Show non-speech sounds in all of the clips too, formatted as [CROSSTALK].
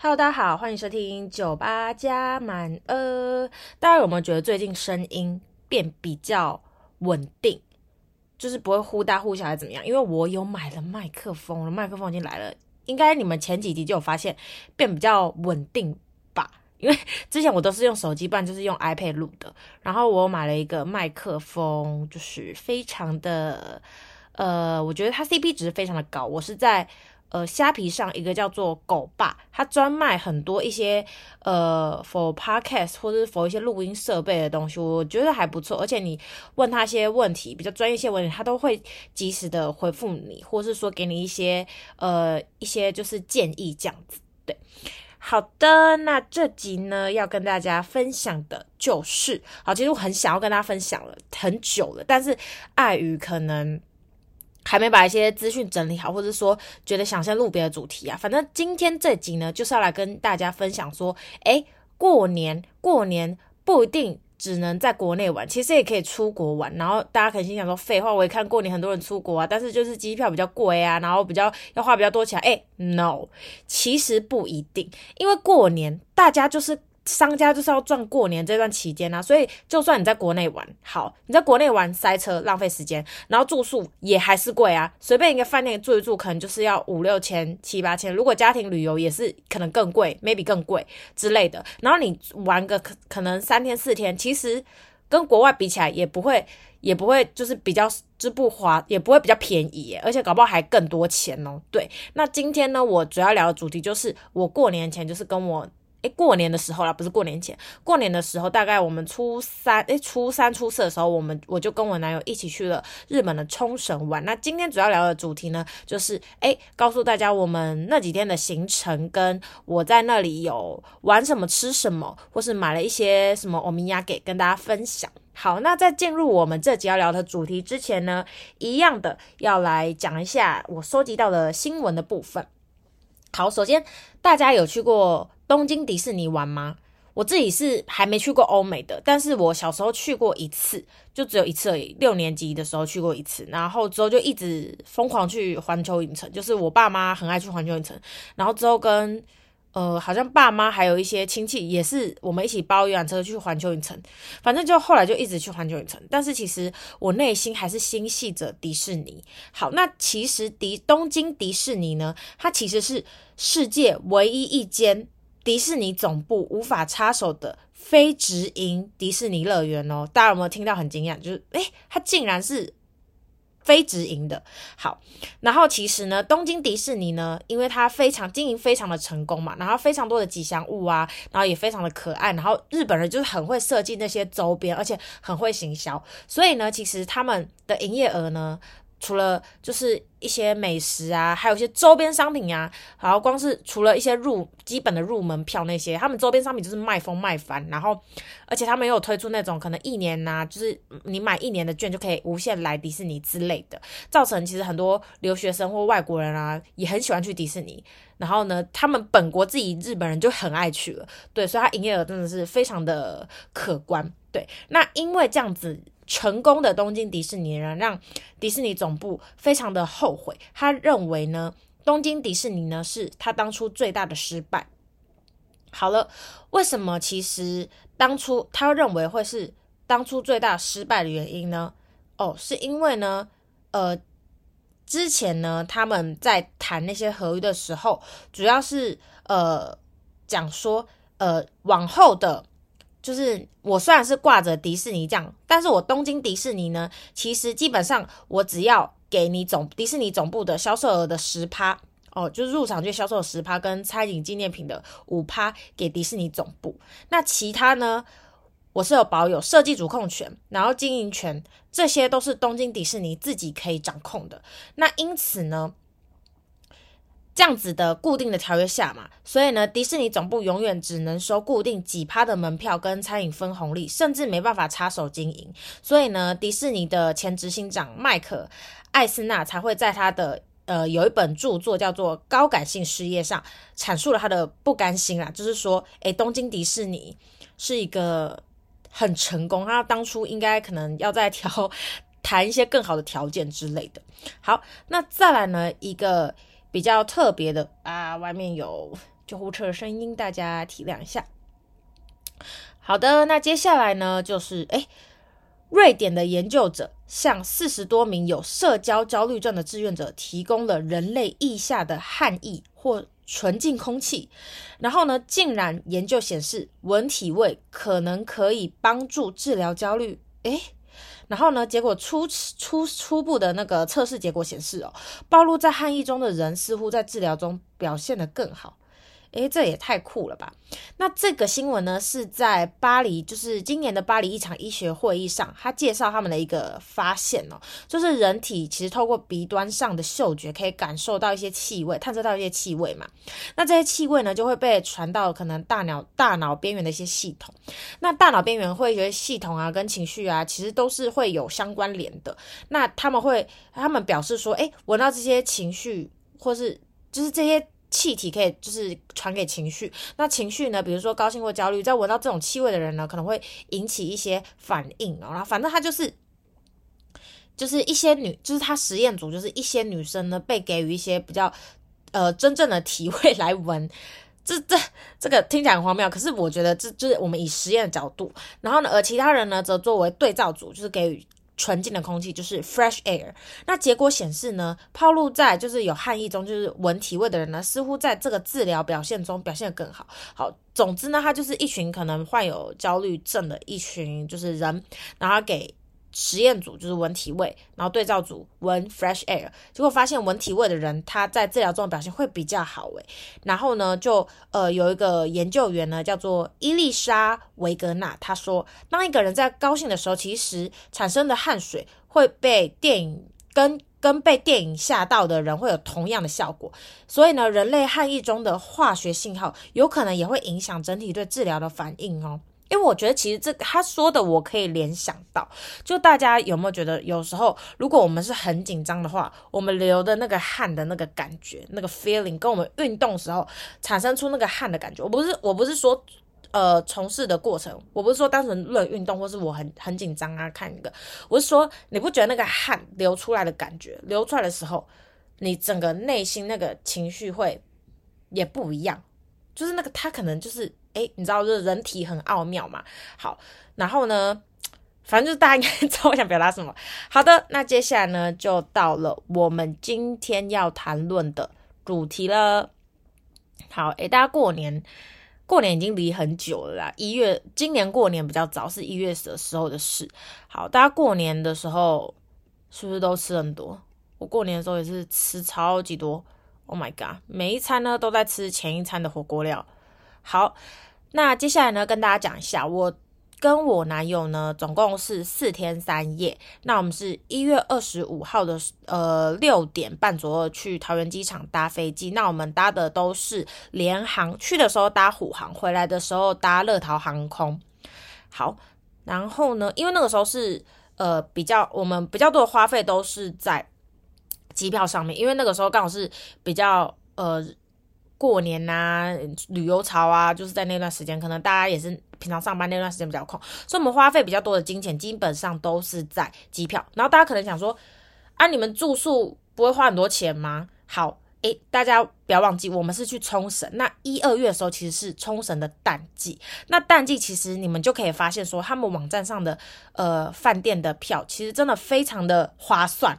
Hello，大家好，歡迎收聽九八加滿，呃。大家有沒有覺得最近聲音變比較穩定，就是不會忽大忽小，還是怎麼樣？因為我有買了麥克風，麥克風已經來了，應該你們前幾集就有發現變比較穩定吧？因為之前我都是用手機辦，就是用 iPad 錄的，然後我買了一個麥克風，就是非常的，呃，我覺得它 CP 值非常的高，我是在。呃，蝦皮上一個叫做狗爸，他專賣很多一些呃，for podcast 或是 for 一些錄音設備的東西，我覺得還不錯。而且你問他一些問題，比較專業一些問題，他都會及時的回覆你，或是說給你一些呃一些就是建議這樣子。對，好的，那這集呢要跟大家分享的就是，好，其實我很想要跟大家分享了很久了，但是礙於可能。還沒把一些資訊整理好，或者說覺得想先錄別的主題啊，反正今天這集呢，就是要來跟大家分享說，誒、欸，過年過年不一定只能在國內玩，其實也可以出國玩。然後大家肯定心想說，廢話，我也看過年很多人出國啊，但是就是機票比較貴啊，然後比較要花比較多錢。誒、欸、no 其實不一定，因為過年大家就是。商家就是要賺過年這段期間啊，所以就算你在國內玩好，你在國內玩塞車浪費時間，然後住宿也還是貴啊。隨便一個飯店住一住，可能就是要五六千七八千。如果家庭旅遊也是可能更貴，maybe 更貴之類的。然後你玩個可可能三天四天，其實跟國外比起來也不會也不會就是比較就不花，也不會比較便宜，欸，而且搞不好還更多錢哦、喔。對，那今天呢，我主要聊的主題就是我過年前就是跟我。哎，過年的時候啦，不是過年前，過年的時候，大概我們初三，哎，初三、初四的時候，我們我就跟我男友一起去了日本的沖繩玩。那今天主要聊的主題呢，就是哎，告訴大家我們那幾天的行程，跟我在那裡有玩什麼、吃什麼，或是買了一些什麼，我咪亞給跟大家分享。好，那在進入我們這集要聊的主題之前呢，一樣的要來講一下我收集到的新聞的部分。好，首先大家有去過？東京迪士尼玩嗎？我自己是還沒去過歐美的，但是我小時候去過一次，就只有一次而已。六年級的時候去過一次，然後之後就一直瘋狂去環球影城，就是我爸媽很愛去環球影城，然後之後跟呃，好像爸媽還有一些親戚也是，我們一起包一輛車去環球影城。反正就後來就一直去環球影城，但是其實我內心還是心繫着迪士尼。好，那其實迪東京迪士尼呢，它其實是世界唯一一間。迪士尼總部無法插手的非直營迪士尼樂園哦，大家有沒有聽到很驚訝？就是誒，它竟然是非直營的。好，然後其實呢，東京迪士尼呢，因為它非常經營非常的成功嘛，然後非常多的吉祥物啊，然後也非常的可愛，然後日本人就是很會設計那些周邊，而且很會行銷，所以呢，其實他們的營業額呢。除了就是一些美食啊，還有一些周邊商品啊，然後光是除了一些入基本的入門票那些，他們周邊商品就是賣瘋賣翻，然後而且他們也有推出那種可能一年吶、啊，就是你買一年的券就可以無限來迪士尼之類的，造成其實很多留學生或外國人啊也很喜歡去迪士尼，然後呢他們本國自己日本人就很愛去了，對，所以他營業額真的是非常的可觀，對，那因為這樣子。成功的東京迪士尼呢讓迪士尼總部非常的後悔。他認為呢，東京迪士尼呢是他當初最大的失敗。好了，為什麼其實當初他認為會是當初最大失敗的原因呢？哦，是因為呢，呃，之前呢他們在談那些合約的時候，主要是呃講說呃往後的。就是我雖然是掛着迪士尼這樣，但是我東京迪士尼呢，其實基本上我只要給你總迪士尼總部的銷售額的十趴哦，就是入場券銷售十趴，跟餐飲紀念品的五趴給迪士尼總部。那其他呢，我是有保有設計主控權，然後經營權，這些都是東京迪士尼自己可以掌控的。那因此呢，這樣子的固定的條約下嘛，所以呢，迪士尼總部永遠只能收固定幾趴的門票跟餐飲分紅利，甚至沒辦法插手經營。所以呢，迪士尼的前執行長邁克艾斯納才會在他的呃有一本著作叫做《高感性事業》上闡述了他的不甘心啦，就是說，哎，東京迪士尼是一個很成功，他當初應該可能要再調談一些更好的條件之類的。好，那再來呢一個。比較特別的啊，外面有救護車聲音，大家體諒一下。好的，那接下來呢，就是誒、欸、瑞典的研究者向四十多名有社交焦慮症的志願者提供了人類腋下的汗液或純淨空氣，然後呢，竟然研究顯示聞體味可能可以幫助治療焦慮，誒、欸然後呢，結果初初初步的那個測試結果顯示哦，暴露在寒意中的人似乎在治療中表現得更好。誒，這也太酷了吧！那這個新聞呢，是在巴黎，就是今年的巴黎一場醫學會議上，他介紹他們的一個發現哦，就是人體其實透過鼻端上的嗅覺可以感受到一些氣味，探測到一些氣味嘛。那這些氣味呢，就會被傳到可能大腦大腦邊緣的一些系統。那大腦邊緣會有一些系統啊，跟情緒啊，其實都是會有相關聯的。那他們會，他們表示說，誒，聞到這些情緒，或是就是這些。氣體可以就是傳給情緒，那情緒呢，比如說高興或焦慮，在聞到這種氣味的人呢，可能會引起一些反應哦，然後反正他就是，就是一些女，就是他實驗組就是一些女生呢，被給予一些比較，呃，真正的體味來聞。這這這個聽起來很荒謬，可是我覺得這就是我們以實驗的角度，然後呢，而其他人呢則作為對照組，就是給予。純淨的空氣就是 fresh air。那結果顯示呢，暴露在就是有汗液中就是聞體味的人呢，似乎在這個治療表現中表現得更好。好，總之呢，他就是一群可能患有焦慮症的一群就是人，然後給。實驗組就是聞體味，然後對照組聞 fresh air，結果發現聞體味的人他在治療中的表現會比較好誒。然後呢，就呃有一個研究員呢叫做伊麗莎維格納，他說當一個人在高興的時候，其實產生的汗水會被電影跟跟被電影嚇到的人會有同樣的效果。所以呢，人類汗液中的化學信號有可能也會影響整體對治療的反應哦。因為我覺得其實這他說的我可以聯想到，就大家有沒有覺得有時候如果我們是很緊張的話，我們流的那個汗的那個感覺，那個 feeling 跟我們運動的時候產生出那個汗的感覺，我不是我不是說呃從事的過程，我不是說單純論運動或是我很很緊張啊看一個，我是說你不覺得那個汗流出來的感覺，流出來的時候，你整個內心那個情緒會也不一樣，就是那個他可能就是。哎，你知道就是、這個、人體很奧妙嘛？好，然後呢，反正就是大家應該知道我想表達什麼。好的，那接下來呢，就到了我們今天要談論的主題了。好，哎，大家過年，過年已經離很久了啦。一月，今年過年比較早，是一月時的時候的事。好，大家過年的時候是不是都吃很多？我過年的時候也是吃超級多。Oh my god，每一餐呢都在吃前一餐的火鍋料。好，那接下來呢，跟大家講一下，我跟我男友呢，總共是四天三夜。那我們是一月二十五號的，呃，六點半左右去桃園機場搭飛機。那我們搭的都是廉航，去的時候搭虎航，回來的時候搭樂桃航空。好，然後呢，因為那個時候是呃比較，我們比較多的花費都是在機票上面，因為那個時候剛好是比較呃。過年吶、啊，旅遊潮啊，就是在那段時間，可能大家也是平常上班那段時間比較空，所以我們花費比較多的金錢，基本上都是在機票。然後大家可能想說，啊，你們住宿不會花很多錢嗎？好，哎、欸，大家不要忘記，我們是去沖繩，那一二月的時候其實是沖繩的淡季。那淡季其實你們就可以發現說他們網站上的呃飯店的票，其實真的非常的划算，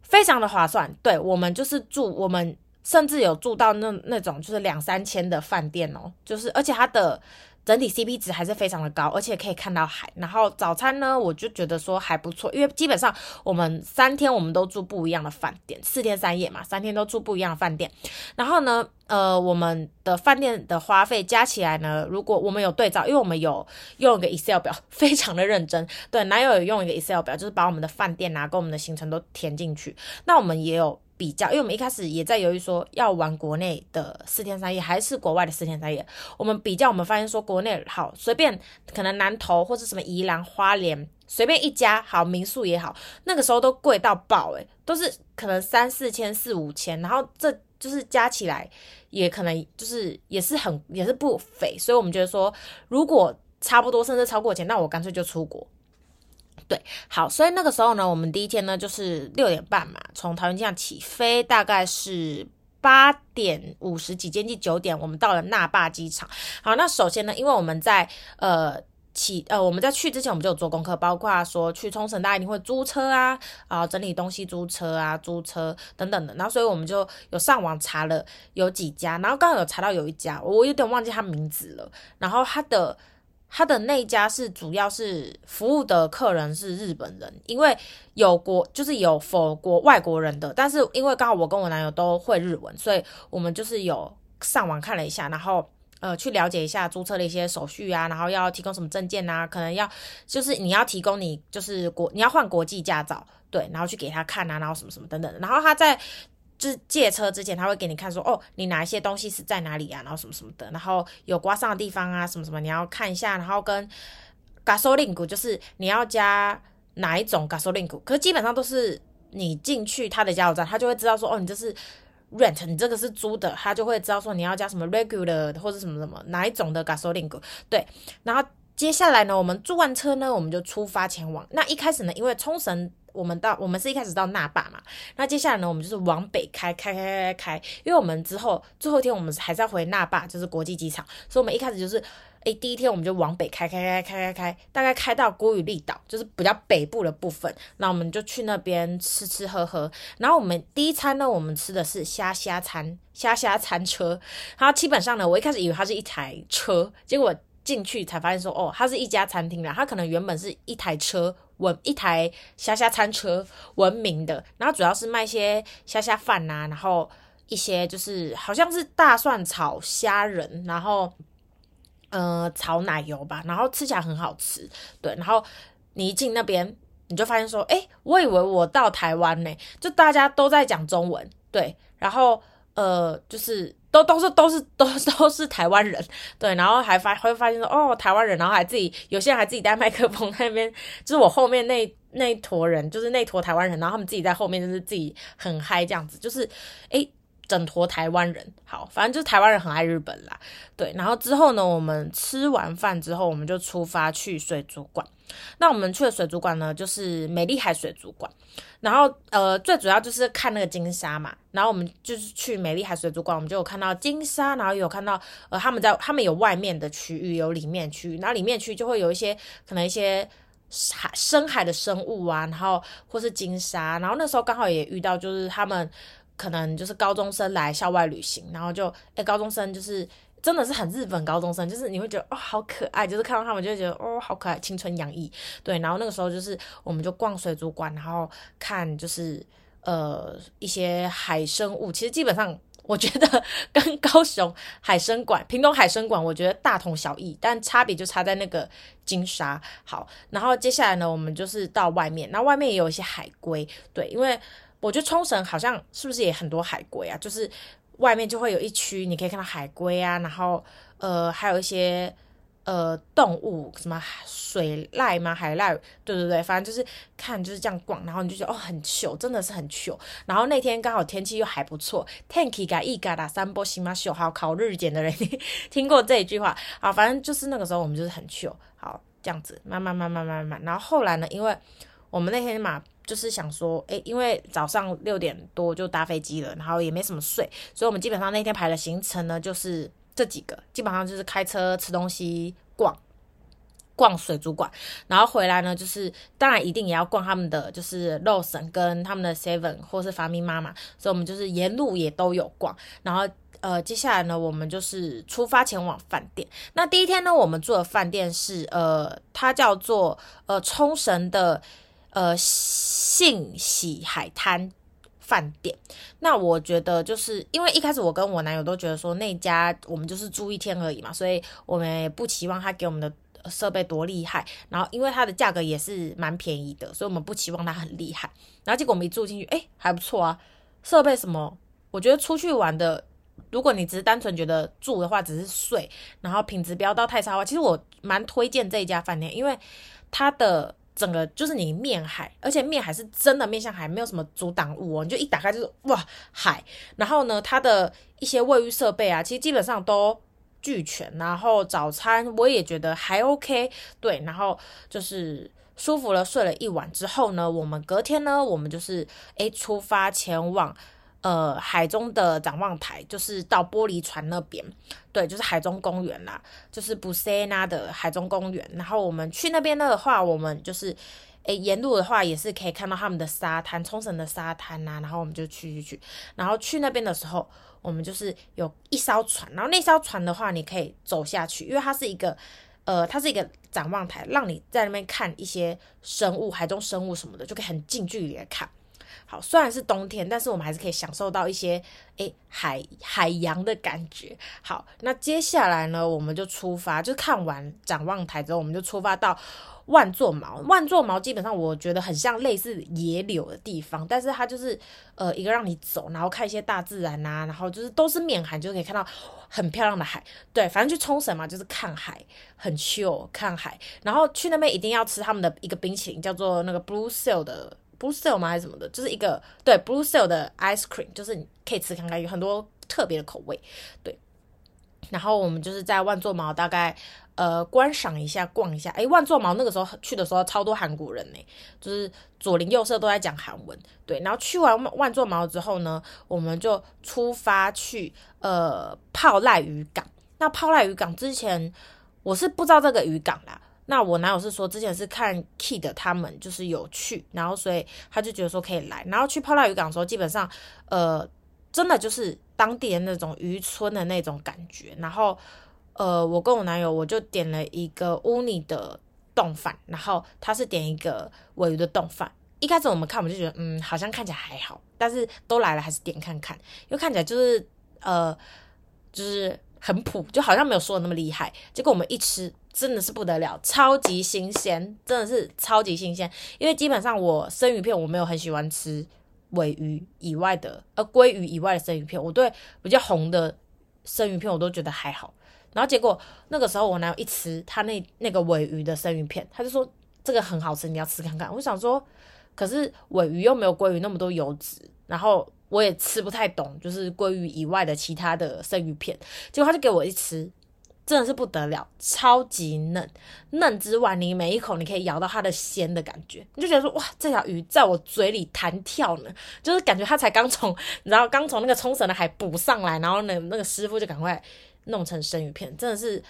非常的划算。對，我們就是住，我們。甚至有住到那那種就是兩三千的飯店哦，就是，而且它的整體 CP 值還是非常的高，而且可以看到海。然後早餐呢，我就覺得說還不錯，因為基本上我們三天我們都住不一樣的飯店，四天三夜嘛，三天都住不一樣的飯店。然後呢，呃，我們的飯店的花費加起來呢，如果我們有對照，因為我們有用一個 Excel 表，非常的認真，對，男友也用一個 Excel 表，就是把我們的飯店啊跟我們的行程都填進去。那我們也有。比較，因為我們一開始也在猶豫說要玩國內的四天三夜還是國外的四天三夜。我們比較，我們發現說國內好隨便，可能南投或是什麼宜蘭花蓮，隨便一家好民宿也好，那個時候都貴到爆誒、欸、都是可能三四千四五千，然後這就是加起來，也可能就是也是很也是不菲，所以我們覺得說如果差不多甚至超過錢，那我乾脆就出國。對，好，所以那個時候呢，我們第一天呢就是六點半嘛，從桃園機場起飛，大概是八點五十幾，接近九點，我們到了那霸機場。好，那首先呢，因為我們在呃起呃我們在去之前，我們就有做功課，包括說去沖繩大家一定會租車啊啊、呃、整理東西租車啊租車等等的，然後所以我們就有上網查了有幾家，然後剛好有查到有一家，我有點忘記他名字了，然後他的。他的那一家是主要是服務的客人是日本人，因為有國就是有否國外國人的，但是因為剛好我跟我男友都會日文，所以我們就是有上網看了一下，然後呃，去了解一下租車的一些手續啊，然後要提供什麼證件啊，可能要就是你要提供你就是國你要換國際駕照，對，然後去給他看啊，然後什麼什麼等等，然後他在。就是借車之前，他會給你看說，哦，你哪一些東西是在哪裡啊，然後什麼什麼的，然後有刮傷的地方啊，什麼什麼，你要看一下，然後跟 gasoline 股，就是你要加哪一種 gasoline 股，可是基本上都是你進去他的加油站，他就會知道說，哦，你這是 rent，你這個是租的，他就會知道說你要加什麼 regular 或者什麼什麼哪一種的 gasoline 股。對，然後接下來呢，我們租完車呢，我們就出發前往。那一開始呢，因為沖繩。我們到我們是一開始到那霸嘛，那接下來呢，我們就是往北開開開開開，因為我們之後最後一天我們還是要回那霸，就是國際機場，所以我們一開始就是，哎，第一天我們就往北開開開開開開，大概開到古宇利島，就是比較北部的部分，那我們就去那邊吃吃喝喝。然後我們第一餐呢，我們吃的是蝦蝦餐蝦蝦餐車，然後基本上呢，我一開始以為它是一台車，結果進去才發現說，哦，它是一家餐廳啦，它可能原本是一台車。文，一台蝦蝦餐車聞名的，然後主要是賣一些蝦蝦飯吶，然後一些就是好像是大蒜炒蝦仁，然後，呃，炒奶油吧，然後吃起來很好吃，對，然後你一進那邊，你就發現說，誒、欸，我以為我到台灣呢、欸，就大家都在講中文，對，然後呃，就是。都都是都是都都是台灣人，對，然後還發會發現說哦台灣人，然後還自己有些人還自己帶麥克風那邊，就是我後面那那一坨人，就是那坨台灣人，然後他們自己在後面就是自己很嗨這樣子，就是誒、欸，整坨台灣人，好，反正就是台灣人很愛日本啦，對，然後之後呢，我們吃完飯之後，我們就出發去水族館，那我們去的水族館呢，就是美麗海水族館。然後，呃，最主要就是看那個鯨鯊嘛。然後我們就是去美麗海水族館，我們就有看到鯨鯊，然後有看到，呃，他們在他們有外面的區域，有裡面區域。然後裡面區域就會有一些可能一些海深海的生物啊，然後或是鯨鯊。然後那時候剛好也遇到，就是他們可能就是高中生來校外旅行，然後就，哎，高中生就是。真的是很日本高中生，就是你會覺得哦好可愛，就是看到他們就會覺得哦好可愛，青春洋溢。對，然後那個時候就是我們就逛水族館，然後看就是呃一些海生物。其實基本上我覺得跟高雄海生館、屏東海生館我覺得大同小異，但差別就差在那個鯨鯊。好，然後接下來呢，我們就是到外面，那外面也有一些海龜。對，因為我覺得沖繩好像是不是也很多海龜啊，就是。外面就會有一區，你可以看到海龜啊，然後呃還有一些呃動物，什麼水獺嗎？海獺？對對對，反正就是看就是這樣逛，然後你就覺得哦很糗，真的是很糗。然後那天剛好天氣又還不錯，天気がいいから散歩しましょう。還有考日檢的人聽過這一句話啊，反正就是那個時候我們就是很糗，好這樣子，慢慢慢慢慢慢慢，然後後來呢，因為我們那天嘛。就是想說，誒，因為早上六點多就搭飛機了，然後也沒什麼睡，所以我們基本上那天排的行程呢，就是這幾個，基本上就是開車、吃東西、逛逛水族館，然後回來呢，就是當然一定也要逛他們的，就是 Lawson 跟他們的 Seven 或是發咪媽媽，所以我們就是沿路也都有逛。然後，呃，接下來呢，我們就是出發前往飯店。那第一天呢，我們住的飯店是，呃，它叫做呃沖繩的。呃，幸喜海灘飯店，那我覺得就是因為一開始我跟我男友都覺得說那家我們就是住一天而已嘛，所以我們也不期望他給我們的設備多厲害。然後因為它的價格也是蠻便宜的，所以我們不期望它很厲害。然後結果我們一住進去，哎，還不錯啊，設備什麼，我覺得出去玩的，如果你只是單純覺得住的話，只是睡，然後品質不要到太差的話，其實我蠻推薦這一家飯店，因為它的。整個就是你面海，而且面海是真的面向海，沒有什麼阻擋物哦。你就一打開就是哇海，然後呢，它的一些衛浴設備啊，其實基本上都俱全。然後早餐我也覺得還 OK，對，然後就是舒服了，睡了一晚之後呢，我們隔天呢，我們就是哎出發前往。呃，海中的展望台就是到玻璃船那邊，對，就是海中公園啦，啊，就是布 u s 的海中公園。然後我們去那邊的話，我們就是，欸，沿路的話也是可以看到他們的沙灘，沖繩的沙灘吶，啊。然後我們就去去去，然後去那邊的時候，我們就是有一艘船，然後那艘船的話，你可以走下去，因為它是一個，呃，它是一個展望台，讓你在那邊看一些生物，海中生物什麼的，就可以很近距離的看。好，雖然是冬天，但是我們還是可以享受到一些誒、欸、海海洋的感覺。好，那接下來呢，我們就出發，就是看完展望台之後，我們就出發到萬座毛。萬座毛基本上我覺得很像類似野柳的地方，但是它就是呃一個讓你走，然後看一些大自然啊，然後就是都是面海，就可以看到很漂亮的海。對，反正去沖繩嘛，就是看海很秀，看海。然後去那邊一定要吃他們的一個冰淇淋，叫做那個 Blue Seal 的。Blue Seal 嗎？還是什麼的，就是一個對 Blue Seal 的 Ice Cream，就是你可以吃看看，有很多特別的口味。對，然後我們就是在萬座毛大概呃觀賞一下，逛一下，哎、欸，萬座毛那個時候去的時候超多韓國人呢、欸，就是左鄰右舍都在講韓文。對，然後去完萬座毛之後呢，我們就出發去呃泡瀨漁港。那泡瀨漁港之前我是不知道這個漁港啦。那我男友是說，之前是看 Key 的他們就是有去，然後所以他就覺得說可以來。然後去泡瀨漁港的時候，基本上，呃，真的就是當地的那種漁村的那種感覺。然後，呃，我跟我男友我就點了一個 Uni 的丼飯，然後他是點一個鮪魚的丼飯。一開始我們看我們就覺得，嗯，好像看起來還好，但是都來了還是點看看，因為看起來就是，呃，就是。很普，就好像沒有說的那麼厲害。結果我們一吃，真的是不得了，超級新鮮，真的是超級新鮮。因為基本上我生魚片我沒有很喜歡吃鮪魚以外的，呃，鮭魚以外的生魚片，我對比較紅的生魚片我都覺得還好。然後結果那個時候我男友一吃他那那個鮪魚的生魚片，他就說這個很好吃，你要吃看看。我想說，可是鮪魚又沒有鮭魚那麼多油脂，然後。我也吃不太懂，就是鮭魚以外的其他的生魚片，結果他就給我一吃，真的是不得了，超級嫩。嫩之外，你每一口你可以咬到它的鮮的感覺，你就覺得說哇，這條魚在我嘴裡彈跳呢，就是感覺它才剛從，然後剛從那個沖繩的海捕上來，然後那那個師傅就趕快弄成生魚片，真的是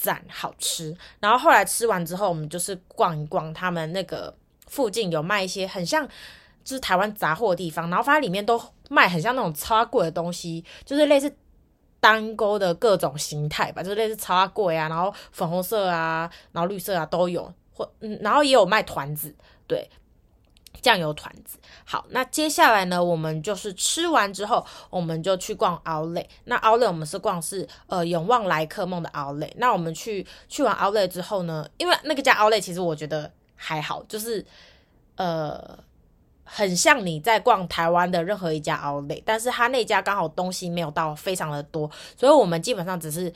讚，好吃。然後後來吃完之後，我們就是逛一逛他們那個附近有賣一些很像。就是台灣雜貨的地方，然後它裡面都賣很像那種超貴的東西，就是類似單鈎的各種形態吧，就是、類似超貴啊，然後粉紅色啊，然後綠色啊都有，或、嗯、然後也有賣團子，對，醬油團子。好，那接下來呢，我們就是吃完之後，我們就去逛奧萊。那奧萊我們是逛是呃永旺來客夢的奧萊。那我們去去完奧萊之後呢，因為那個家奧萊其實我覺得還好，就是呃。很像你在逛台灣的任何一家 outlet，但是他那家剛好東西沒有到非常的多，所以我們基本上只是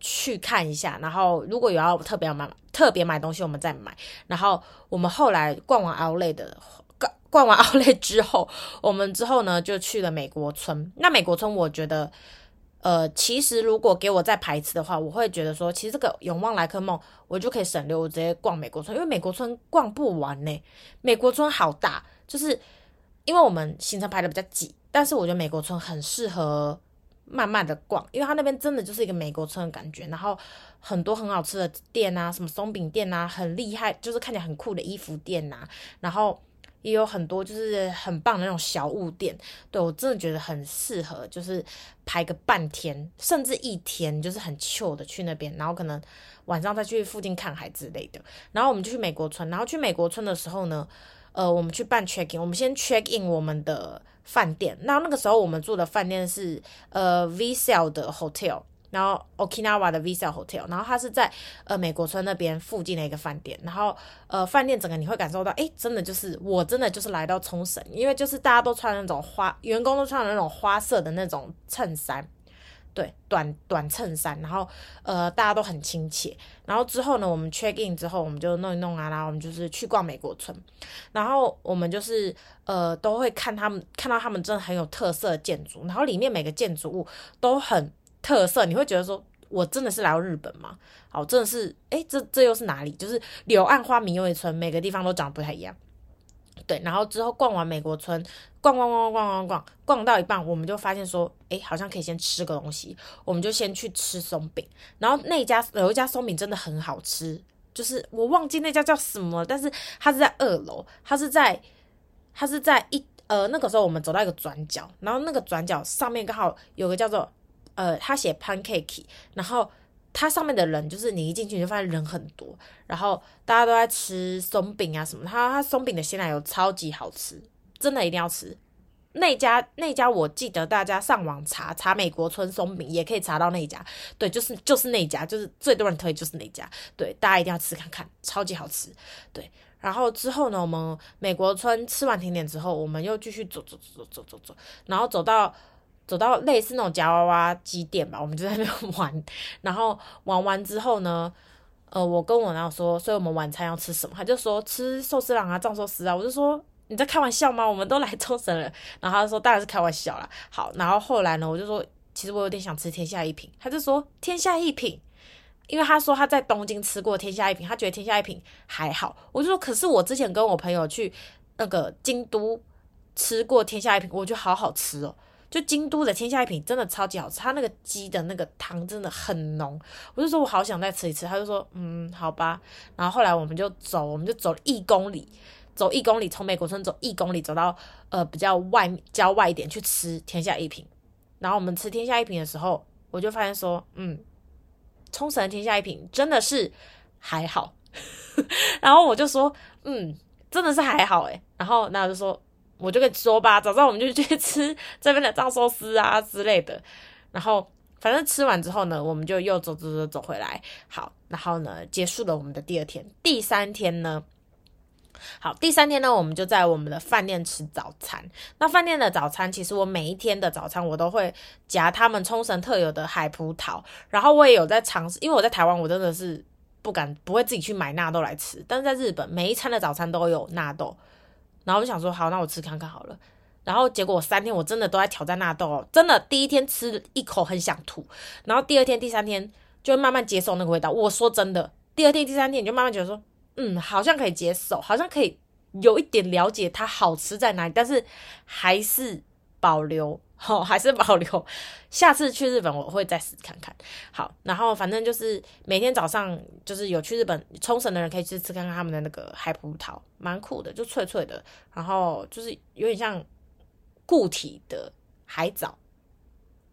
去看一下，然後如果有要特別買特別買東西，我們再買。然後我們後來逛完 outlet 的，逛完 outlet 之後，我們之後呢就去了美國村。那美國村我覺得，呃，其實如果給我再排一次的話，我會覺得說，其實這個永旺萊克夢我就可以省略，我直接逛美國村，因為美國村逛不完呢、欸，美國村好大。就是因為我們行程排的比較擠，但是我覺得美國村很適合慢慢的逛，因為它那邊真的就是一個美國村的感覺，然後很多很好吃的店啊，什麼鬆餅店啊，很厲害，就是看起來很酷的衣服店吶、啊，然後也有很多就是很棒的那種小物店，對我真的覺得很適合，就是排個半天甚至一天，就是很 chill 的去那邊，然後可能晚上再去附近看海之類的，然後我們就去美國村，然後去美國村的時候呢。呃，我們去辦 check in，我們先 check in 我們的飯店。那那個時候我們住的飯店是呃 Vessel 的 hotel，然後 Okinawa、ok、的 Vessel hotel，然後它是在呃美國村那邊附近的一個飯店。然後呃飯店整個你會感受到，哎，真的就是我真的就是來到沖繩，因為就是大家都穿那種花，員工都穿那種花色的那種襯衫。對，短短襯衫，然後呃，大家都很親切。然後之後呢，我們 check in 之後，我們就弄一弄啊，然後我們就是去逛美國村，然後我們就是呃，都會看他們，看到他們真的很有特色的建築，然後裡面每個建築物都很特色，你會覺得說，我真的是來到日本嗎？哦，真的是，誒，這這又是哪裡？就是柳暗花明又一村，每個地方都長得不太一樣。對，然後之後逛完美國村，逛逛逛逛逛逛逛到一半我們就發現說，哎，好像可以先吃個東西，我們就先去吃鬆餅。然後那家有一家鬆餅真的很好吃，就是我忘記那家叫什麼，但是它是在二樓，它是在，它是在一呃那個時候我們走到一個轉角，然後那個轉角上面剛好有個叫做呃，他寫 pancake，然後。它上面的人就是你一進去就發現人很多，然後大家都在吃鬆餅啊什麼，它它鬆餅的鮮奶油超級好吃，真的一定要吃。那家那家我記得，大家上網查查美國村鬆餅也可以查到那一家，對，就是就是那一家，就是最多人推就是那一家，對，大家一定要吃看看，超級好吃。對，然後之後呢，我們美國村吃完甜點之後，我們又繼續走走走走走走，然後走到。走到類似那種夾娃娃機店吧，我們就在那邊玩。然後玩完之後呢，呃，我跟我男友說，所以我們晚餐要吃什麼？他就說吃壽司郎啊，藏壽司啊。我就說你在開玩笑嗎？我們都來沖繩了。然後他說當然是開玩笑啦。好，然後後來呢，我就說其實我有點想吃天下一品。他就說天下一品，因為他說他在東京吃過天下一品，他覺得天下一品還好。我就說可是我之前跟我朋友去那個京都吃過天下一品，我覺得好好吃哦、喔。就京都的天下一品真的超級好吃，它那個雞的那個湯真的很濃。我就說，我好想再吃一次。他就說，嗯，好吧。然後後來我們就走，我們就走了一公里，走一公里，從美國村走一公里，走到呃比較外郊外，外一點去吃天下一品。然後我們吃天下一品的時候，我就發現說，嗯，沖繩的天下一品真的是還好。 [LAUGHS] 然後我就說，嗯，真的是還好誒、欸，然後那我就說。我就跟你說吧，早上我們就去吃這邊的藏壽司啊之類的，然後反正吃完之後呢，我們就又走走走走回來，好，然後呢，結束了我們的第二天，第三天呢。好，第三天呢，我們就在我們的飯店吃早餐。那飯店的早餐，其實我每一天的早餐我都會夾他們沖繩特有的海葡萄，然後我也有在嘗試，因為我在台灣我真的是不敢不會自己去買納豆來吃，但是在日本每一餐的早餐都有納豆。然後我就想說，好，那我吃看看好了。然後結果我三天我真的都在挑戰納豆哦，真的第一天吃了一口很想吐，然後第二天、第三天就會慢慢接受那個味道。我說真的，第二天、第三天你就慢慢覺得說，嗯，好像可以接受，好像可以有一點了解它好吃在哪裡，但是還是。保留好，哦，還是保留。下次去日本，我會再試看看。好，然後反正就是每天早上，就是有去日本沖繩的人可以去吃看看他們的那個海葡萄，蠻酷的，就脆脆的，然後就是有點像固體的海藻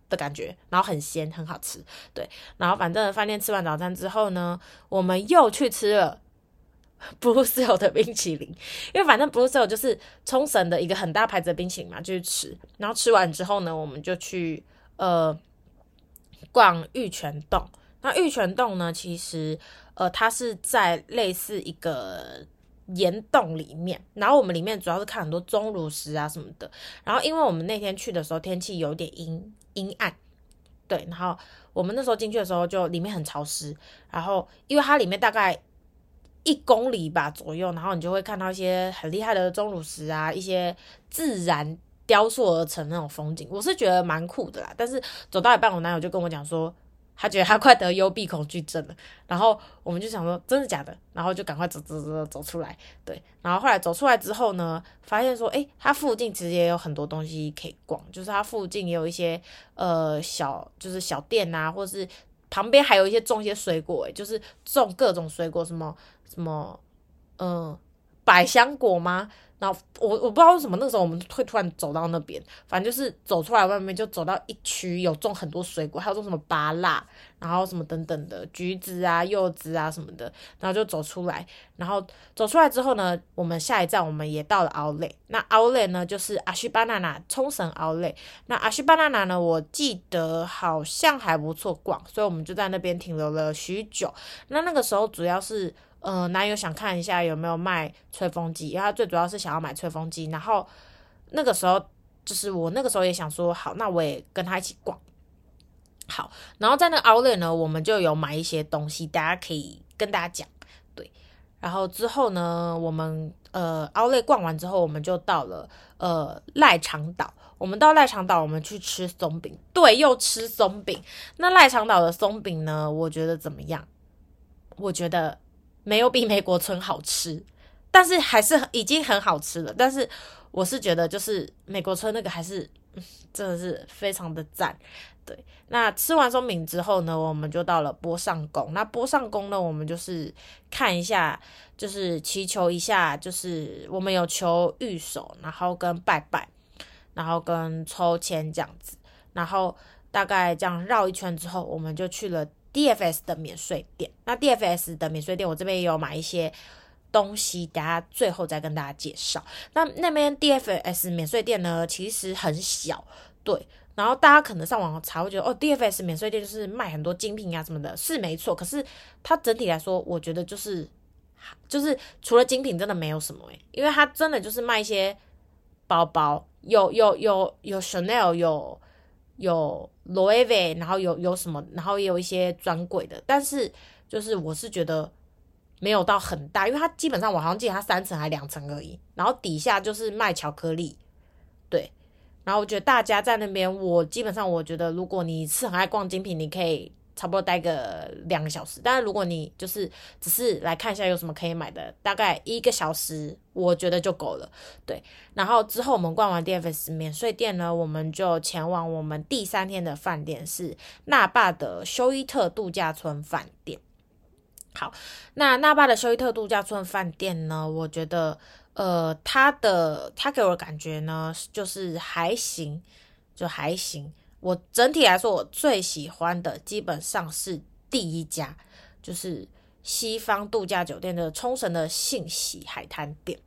的感覺，然後很鮮，很好吃。對，然後反正飯店吃完早餐之後呢，我們又去吃了。Blue Seal 的冰淇淋，因為反正 Blue Seal 就是沖繩的一個很大牌子的冰淇淋嘛，就是、吃。然後吃完之後呢，我們就去呃逛玉泉洞。那玉泉洞呢，其實呃它是在類似一個岩洞裡面。然後我們裡面主要是看很多鐘乳石啊什麼的。然後因為我們那天去的時候天氣有點陰陰暗，對。然後我們那時候進去的時候就裡面很潮濕。然後因為它裡面大概，一公里吧左右，然後你就會看到一些很厲害的鐘乳石啊，一些自然雕塑而成那種風景，我是覺得蠻酷的啦。但是走到一半，我男友就跟我講說，他覺得他快得幽閉恐懼症了。然後我們就想說，真的假的？然後就趕快走走走走，走出來。對，然後後來走出來之後呢，發現說，誒，它附近其實也有很多東西可以逛，就是它附近也有一些呃小，就是小店啊，或是。旁邊還有一些種一些水果，誒，就是種各種水果，什麼什麼，嗯，百香果嗎？ [LAUGHS] 然後我我不知道為什麼那個時候我們會突然走到那邊，反正就是走出來外面就走到一區有種很多水果，還有種什麼芭樂，然後什麼等等的橘子啊、柚子啊什麼的，然後就走出來。然後走出來之後呢，我們下一站我們也到了奧萊，那奧萊呢，就是阿西巴納納沖繩奧萊。那阿西巴納納呢，我記得好像還不錯逛，所以我們就在那邊停留了許久。那那個時候主要是。呃，男友想看一下有沒有賣吹風機，因為他最主要是想要買吹風機。然後那個時候，就是我那個時候也想說，好，那我也跟他一起逛。好，然後在那個 Outlet 呢，我們就有買一些東西，大家可以跟大家講。對，然後之後呢，我們呃 Outlet 逛完之後，我們就到了呃瀨長島。我們到瀨長島，我們去吃鬆餅，對，又吃鬆餅。那瀨長島的鬆餅呢，我覺得怎麼樣？我覺得。沒有比美國村好吃，但是還是已經很好吃了。但是我是覺得，就是美國村那個還是真的是非常的讚。對，那吃完鬆餅之後呢，我們就到了波上宮。那波上宮呢，我們就是看一下，就是祈求一下，就是我們有求御守，然後跟拜拜，然後跟抽籤這樣子，然後大概這樣繞一圈之後，我們就去了。DFS 的免稅店，那 DFS 的免稅店，我這邊也有買一些東西，等下最後再跟大家介紹。那那邊 DFS 免稅店呢，其實很小，對。然後大家可能上網查，會覺得哦，DFS 免稅店就是賣很多精品啊什麼的，是沒錯。可是它整體來說，我覺得就是就是除了精品，真的沒有什麼誒、欸，因為它真的就是賣一些包包，有有有有，有 Chanel，有有。羅意威，然後有有什麼，然後也有一些專櫃的，但是就是我是覺得沒有到很大，因為它基本上我好像記得它三層還兩層而已，然後底下就是賣巧克力，對，然後我覺得大家在那邊，我基本上我覺得如果你是很愛逛精品，你可以。差不多待個兩個小時，但是如果你就是只是來看一下有什麼可以買的，大概一個小時我覺得就夠了。對，然後之後我們逛完 DFS 免稅店呢，我們就前往我們第三天的飯店，是那霸的休伊特度假村飯店。好，那那霸的休伊特度假村飯店呢，我覺得呃，他的他給我的感覺呢，就是還行，就還行。我整體來說，我最喜歡的基本上是第一家，就是西方度假酒店的沖繩的信喜海灘店。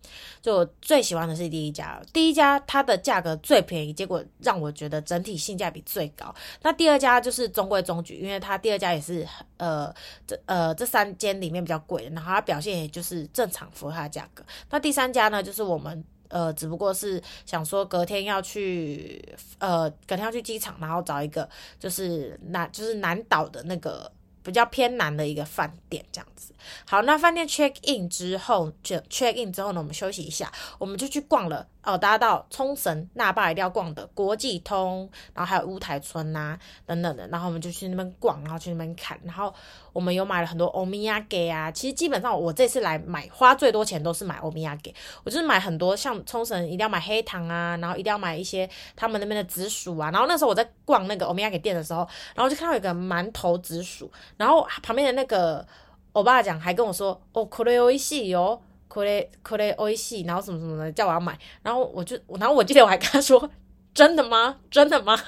就我最喜歡的是第一家，第一家它的價格最便宜，結果讓我覺得整體性價比最高。那第二家就是中規中矩，因為它第二家也是呃這呃這三間裡面比較貴的，然後它表現也就是正常符合它的價格。那第三家呢，就是我們。呃，只不過是想說隔天要去，呃，隔天要去機場，然後找一個就是南，就是南島的那個比較偏南的一個飯店這樣子。好，那飯店 check in 之後，就 check in 之後呢，我們休息一下，我們就去逛了。哦，大家到沖繩那霸一定要逛的國際通，然後還有烏台村吶、啊、等等的，然後我們就去那邊逛，然後去那邊看，然後我們有買了很多お土産啊，其實基本上我這次來買花最多錢都是買お土産，我就是買很多像沖繩一定要買黑糖啊，然後一定要買一些他們那邊的紫薯啊，然後那時候我在逛那個お土産店的時候，然後就看到有個饅頭紫薯，然後旁邊的那個歐巴講還跟我說哦，これ美味しいよ。」科雷科雷歐米茄，然後什麼什麼的，叫我要買，然後我就，然後我記得我還跟他說，真的嗎？真的嗎？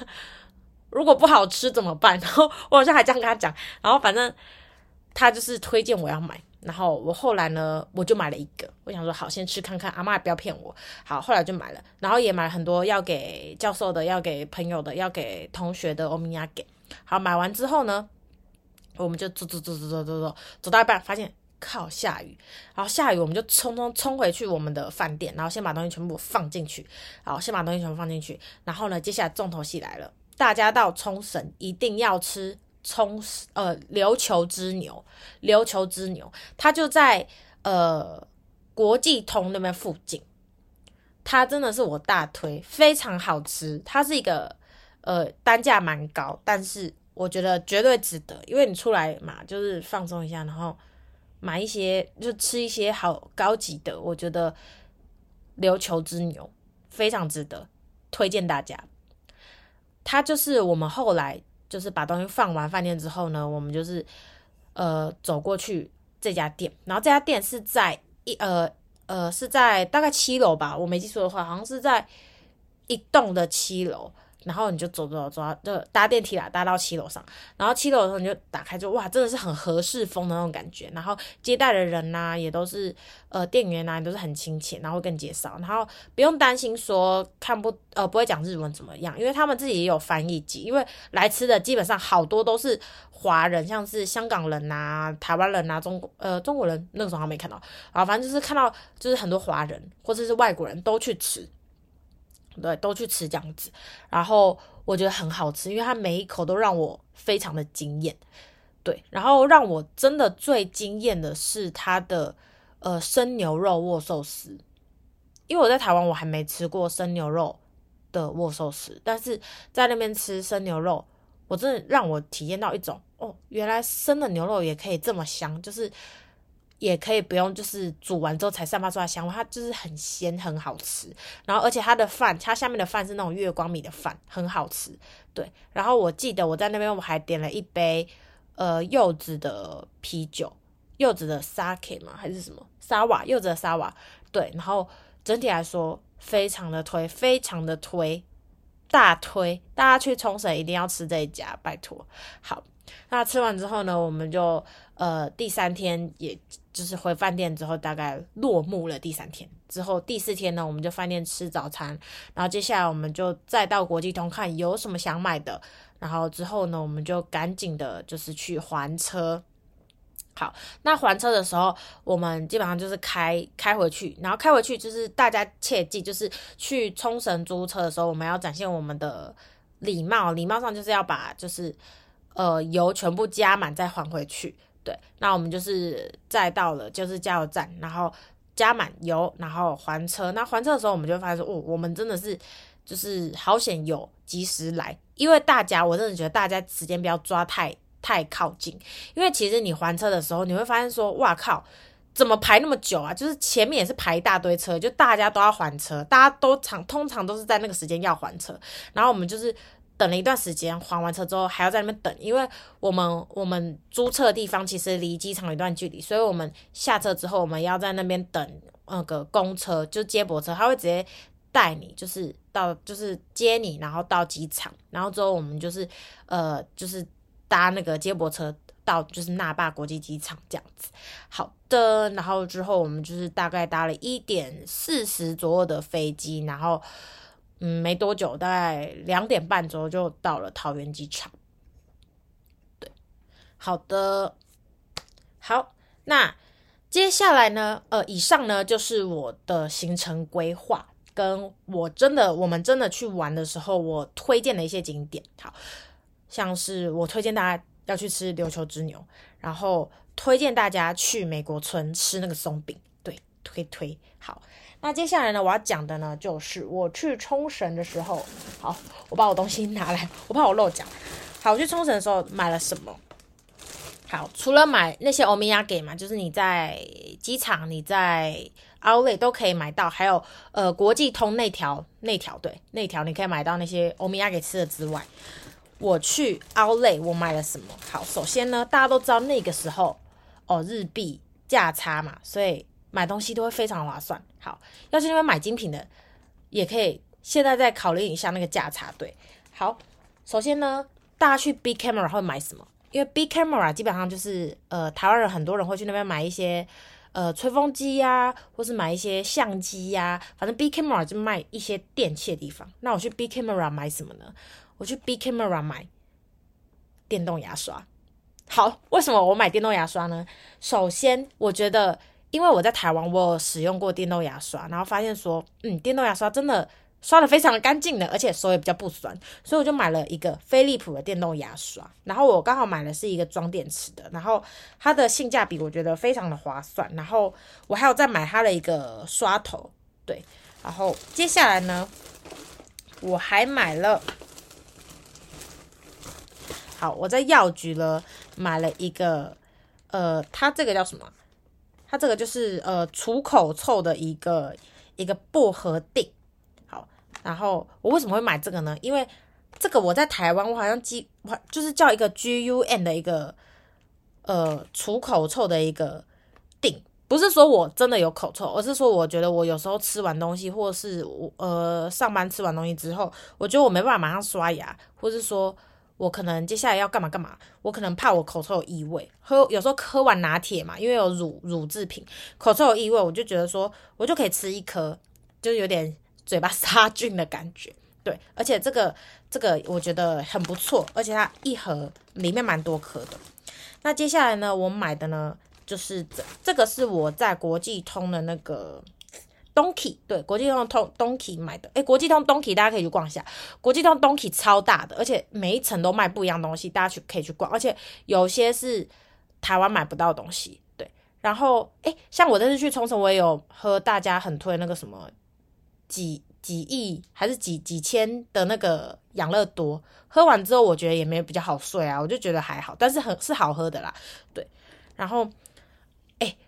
如果不好吃怎麼辦？然後我好像還這樣跟他講，然後反正他就是推薦我要買，然後我後來呢，我就買了一個，我想說好，先吃看看，阿媽不要騙我，好，後來就買了，然後也買了很多要給教授的，要給朋友的，要給同學的歐米茄給，好，買完之後呢，我們就走走走走走走走到一半，發現。靠，下雨，然後下雨我們就衝衝衝，回去我們的飯店，然後先把東西全部放進去。好，先把東西全部放進去。然後呢，接下來重頭戲來了，大家到沖繩一定要吃沖呃琉球之牛，琉球之牛，它就在呃國際通那邊附近。它真的是我大推，非常好吃。它是一個呃單價蠻高，但是我覺得絕對值得，因為你出來嘛，就是放鬆一下，然後。買一些就吃一些好高級的，我覺得琉球之牛非常值得推薦大家。他就是我們後來就是把東西放完飯店之後呢，我們就是呃走過去這家店，然後這家店是在一呃呃是在大概七樓吧，我沒記錯的話，好像是在一棟的七樓。然後你就走走走到就搭電梯啦，搭到七樓上，然後七樓的時候你就打開就哇，真的是很和式風的那種感覺。然後接待的人吶、啊、也都是呃店員吶，也都是很親切，然後會跟你介紹，然後不用擔心說看不呃不會講日文怎麼樣，因為他們自己也有翻譯機。因為來吃的基本上好多都是華人，像是香港人吶、啊、台灣人吶、啊、中呃中國人那個、時候還沒看到，然後反正就是看到就是很多華人或者是，是外國人都去吃。對，都去吃這樣子，然後我覺得很好吃，因為它每一口都讓我非常的驚艷，對，然後讓我真的最驚艷的是它的呃生牛肉握壽司，因為我在台灣我還沒吃過生牛肉的握壽司，但是在那邊吃生牛肉，我真的讓我體驗到一種哦，原來生的牛肉也可以這麼香，就是。也可以不用，就是煮完之後才散發出來香味，它就是很鮮，很好吃。然後，而且它的飯，它下面的飯是那種月光米的飯，很好吃。對。然後我記得我在那邊我還點了一杯，呃，柚子的啤酒，柚子的 sake 嗎？還是什麼沙瓦？沙瓦,柚子的沙瓦。對。然後整體來說，非常的推，非常的推，大推。大家去沖繩一定要吃這一家，拜托。好，那吃完之後呢，我們就。呃，第三天也就是回飯店之後，大概落幕了。第三天之後，第四天呢，我們就飯店吃早餐，然後接下來我們就再到國際通看有什麼想買的，然後之後呢，我們就趕緊的就是去還車。好，那還車的時候，我們基本上就是開開回去，然後開回去就是大家切記，就是去沖繩租車的時候，我們要展現我們的禮貌，禮貌上就是要把就是呃油全部加滿再還回去。對，那我們就是再到了，就是加油站，然後加滿油，然後還車。那還車的時候，我們就會發現說，哦，我們真的是就是好險有及時來，因為大家，我真的覺得大家時間不要抓太太靠近，因為其實你還車的時候，你會發現說，哇靠，怎麼排那麼久啊？就是前面也是排一大堆車，就大家都要還車，大家都常通常都是在那個時間要還車，然後我們就是。等了一段時間，還完車之後還要在那邊等，因為我們我們租車的地方其實離機場有一段距離，所以我們下車之後我們要在那邊等那個公車，就接駁車，他會直接帶你就是到就是接你，然後到機場，然後之後我們就是呃就是搭那個接駁車到就是那霸國際機場這樣子。好的，然後之後我們就是大概搭了一點四十左右的飛機，然後。嗯，沒多久，大概兩點半左右就到了桃園機場。對，好的，好，那接下來呢？呃，以上呢就是我的行程規劃，跟我真的，我們真的去玩的時候，我推薦的一些景點。好，像是我推薦大家要去吃琉球之牛，然後推薦大家去美國村吃那個鬆餅。對，推推，好。那接下來呢？我要講的呢，就是我去沖繩的時候，好，我把我東西拿來，我怕我漏講。好，我去沖繩的時候買了什麼？好，除了買那些歐米亞給嘛，就是你在機場、你在 Outlet 都可以買到，還有呃國際通那條、那條對那條，你可以買到那些歐米亞給吃的之外，我去 Outlet 我買了什麼？好，首先呢，大家都知道那個時候哦日幣價差嘛，所以。買東西都會非常划算。好，要去那邊買精品的，也可以現在再考慮一下那個價差。對，好，首先呢，大家去 Bic Camera 會買什麼？因為 Bic Camera 基本上就是呃，台灣人很多人會去那邊買一些呃吹風機呀、啊，或是買一些相機呀、啊，反正 Bic Camera 就賣一些電器的地方。那我去 Bic Camera 買什麼呢？我去 Bic Camera 買電動牙刷。好，為什麼我買電動牙刷呢？首先，我覺得。因為我在台灣，我有使用過電動牙刷，然後發現說，嗯，電動牙刷真的刷的非常乾淨的，而且手也比較不酸，所以我就買了一個飛利浦的電動牙刷。然後我剛好買的是一個裝電池的，然後它的性價比我覺得非常的划算。然後我還有在買它的一個刷頭，對。然後接下來呢，我還買了，好，我在藥局了，買了一個，呃，它這個叫什麼？它這個就是呃除口臭的一個一個薄荷錠，好，然後我為什麼會買這個呢？因為這個我在台灣，我好像 G，就是叫一個 G U N 的一個呃除口臭的一個錠。不是說我真的有口臭，而是說我覺得我有時候吃完東西，或是我呃上班吃完東西之後，我覺得我沒辦法馬上刷牙，或是說。我可能接下來要幹嘛幹嘛，我可能怕我口臭有異味，喝有時候喝完拿鐵嘛，因為有乳乳制品，口臭有異味，我就覺得說，我就可以吃一顆，就有點嘴巴殺菌的感覺，對，而且這個這個我覺得很不錯，而且它一盒裡面蠻多顆的。那接下來呢，我買的呢，就是這這個是我在國際通的那個。Donki 對，國際通 Donki 買的哎，國際通 Donki 大家可以去逛一下，國際通 Donki 超大的，而且每一層都賣不一樣東西，大家去可以去逛，而且有些是台灣買不到東西。對，然後哎，像我這次去沖繩，我也有喝大家很推那個什麼幾幾億還是幾幾千的那個養樂多，喝完之後我覺得也沒比較好睡啊，我就覺得還好，但是很是好喝的啦。對，然後。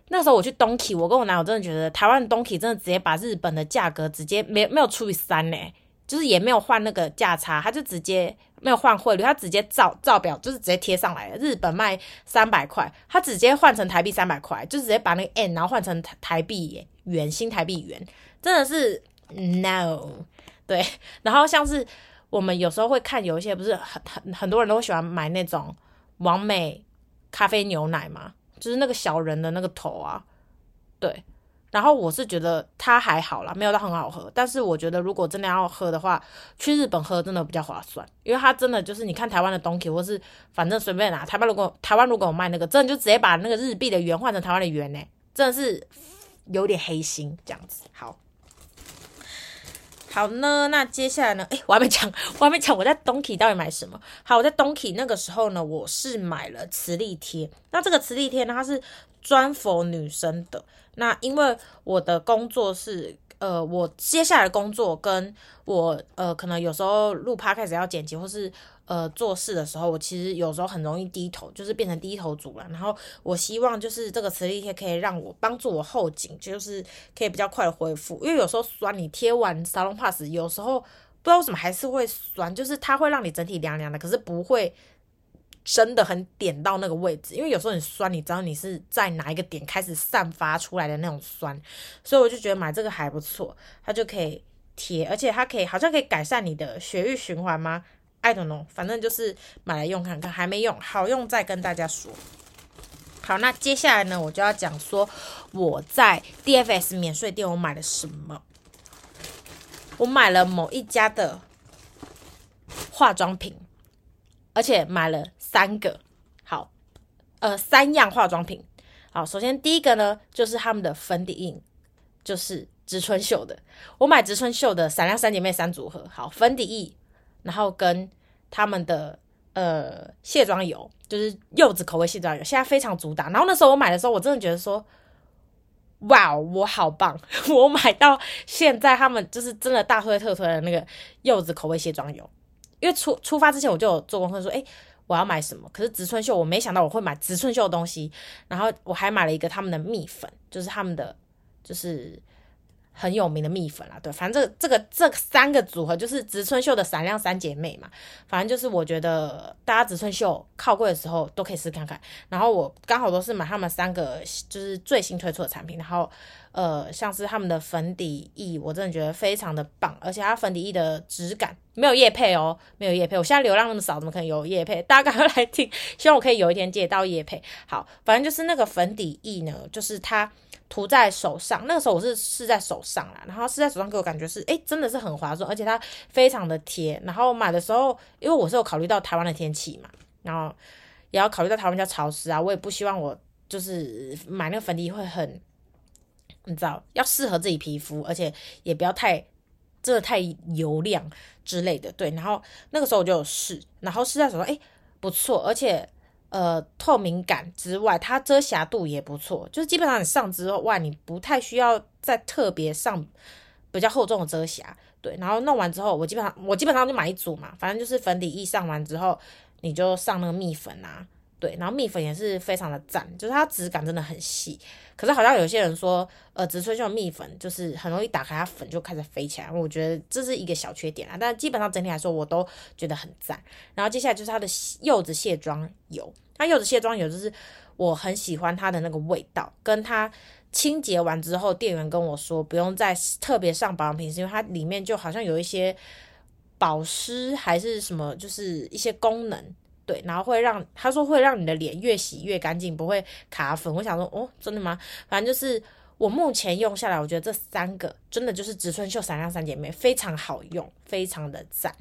那時候我去 Donki，我跟我男友真的覺得台灣 Donki 真的直接把日本的價格直接沒沒有除以三呢，就是也沒有換那個價差，他就直接沒有換匯率，他直接照照表就是直接貼上來，日本賣三百塊，他直接換成台幣三百塊，就直接把那個 N 然後換成台幣元新台幣元，真的是 no 對。然後像是我們有時候會看有一些不是很很很多人都喜歡買那種完美咖啡牛奶嘛。就是那個小人的那個頭啊，對。然後我是覺得它還好啦，沒有到很好喝。但是我覺得如果真的要喝的話，去日本喝的真的比較划算，因為它真的就是你看台灣的東西，或是反正隨便拿，台灣如果台灣如果有賣那個，真的就直接把那個日幣的元換成台灣的元呢，真的是有點黑心這樣子。好。好呢，那接下來呢？哎、欸，我還沒講，我還沒講，我在 Donki 到底買什麼？好，我在 Donki 那個時候呢，我是買了磁力貼。那這個磁力貼呢，它是專服女生的。那因為我的工作是。呃，我接下來的工作跟我呃，可能有時候錄趴開始要剪輯，或是呃做事的時候，我其實有時候很容易低頭，就是變成低頭族了、啊。然後我希望就是這個磁力貼可以讓我幫助我後頸，就是可以比較快的恢復。因為有時候酸，你貼完沙龍帕斯，有時候不知道為什麼還是會酸，就是它會讓你整體涼涼的，可是不會。真的很點到那個位置，因為有時候你酸，你知道你是在哪一個點開始散發出來的那種酸，所以我就覺得買這個還不錯，它就可以貼，而且它可以好像可以改善你的血液循環嗎？I don't know，反正就是買來用看看，還沒用，好用再跟大家說。好，那接下來呢，我就要講說我在 DFS 免稅店我買了什麼，我買了某一家的化妝品，而且買了。三個好，呃，三樣化妝品。好，首先第一個呢，就是他們的粉底液，就是植村秀的。我買植村秀的閃亮三姐妹三組合。好，粉底液，然後跟他們的呃卸妝油，就是柚子口味卸妝油，現在非常主打。然後那時候我買的時候，我真的覺得說，哇，我好棒，我買到現在他們就是真的大推特推的那個柚子口味卸妝油。因為出出發之前我就有做功課說，誒。我要買什麼？可是植村秀，我沒想到我會買植村秀的東西，然後我還買了一個他們的蜜粉，就是他們的，就是。很有名的蜜粉啦、啊，對，反正這這個這三個組合就是植村秀的閃亮三姐妹嘛，反正就是我覺得大家植村秀靠櫃的時候都可以試試看看。然後我剛好都是買他們三個就是最新推出的產品，然後呃，像是他們的粉底液，我真的覺得非常的棒，而且它粉底液的質感沒有業配哦，沒有業配，我現在流量那麼少，怎麼可能有業配？大家趕快來聽，希望我可以有一天接到業配。好，反正就是那個粉底液呢，就是它。塗在手上，那個時候我是試在手上啦，然後試在手上給我感覺是，哎、欸，真的是很滑順，而且它非常的貼。然後買的時候，因為我是有考慮到台灣的天氣嘛，然後也要考慮到台灣比較潮濕啊，我也不希望我就是買那個粉底會很，你知道，要適合自己皮膚，而且也不要太真的太油亮之類的，對。然後那個時候我就試，然後試在手上，哎、欸，不錯，而且。呃，透明感之外，它遮瑕度也不錯，就是基本上你上之後，哇，你不太需要再特別上比較厚重的遮瑕，對。然後弄完之後，我基本上我基本上就買一組嘛，反正就是粉底液上完之後，你就上那個蜜粉啊。對，然後蜜粉也是非常的讚，就是它質感真的很細。可是好像有些人說，呃，植村秀蜜粉就是很容易打開，它粉就開始飛起來。我覺得這是一個小缺點啦，但基本上整體來說我都覺得很讚。然後接下來就是它的柚子卸妝油，它柚子卸妝油就是我很喜歡它的那個味道，跟它清潔完之後，店員跟我說不用再特別上保養品，是因為它裡面就好像有一些保濕還是什麼，就是一些功能。對，然後會讓他說，會讓你的臉越洗越乾淨，不會卡粉。我想說，哦，真的嗎？反正就是我目前用下來，我覺得這三個真的就是植村秀閃亮三姐妹非常好用，非常的讚。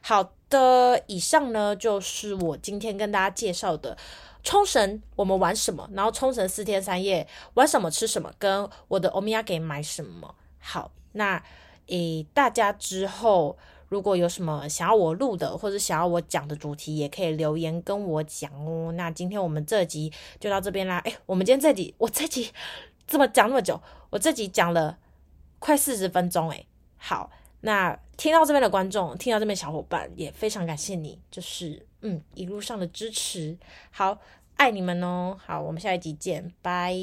好的，以上呢就是我今天跟大家介紹的沖繩，我們玩什麼，然後沖繩四天三夜玩什麼吃什麼，跟我的おみやげ買什麼。好，那誒大家之後。如果有什麼想要我錄的，或者想要我講的主題，也可以留言跟我講哦。那今天我們這集就到這邊啦。哎，我們今天這集，我這集怎麼講那麼久？我這集講了快四十分鐘哎。好，那聽到這邊的觀眾，聽到這邊小夥伴，也非常感謝你，就是嗯一路上的支持。好，愛你們哦。好，我們下一集見，拜。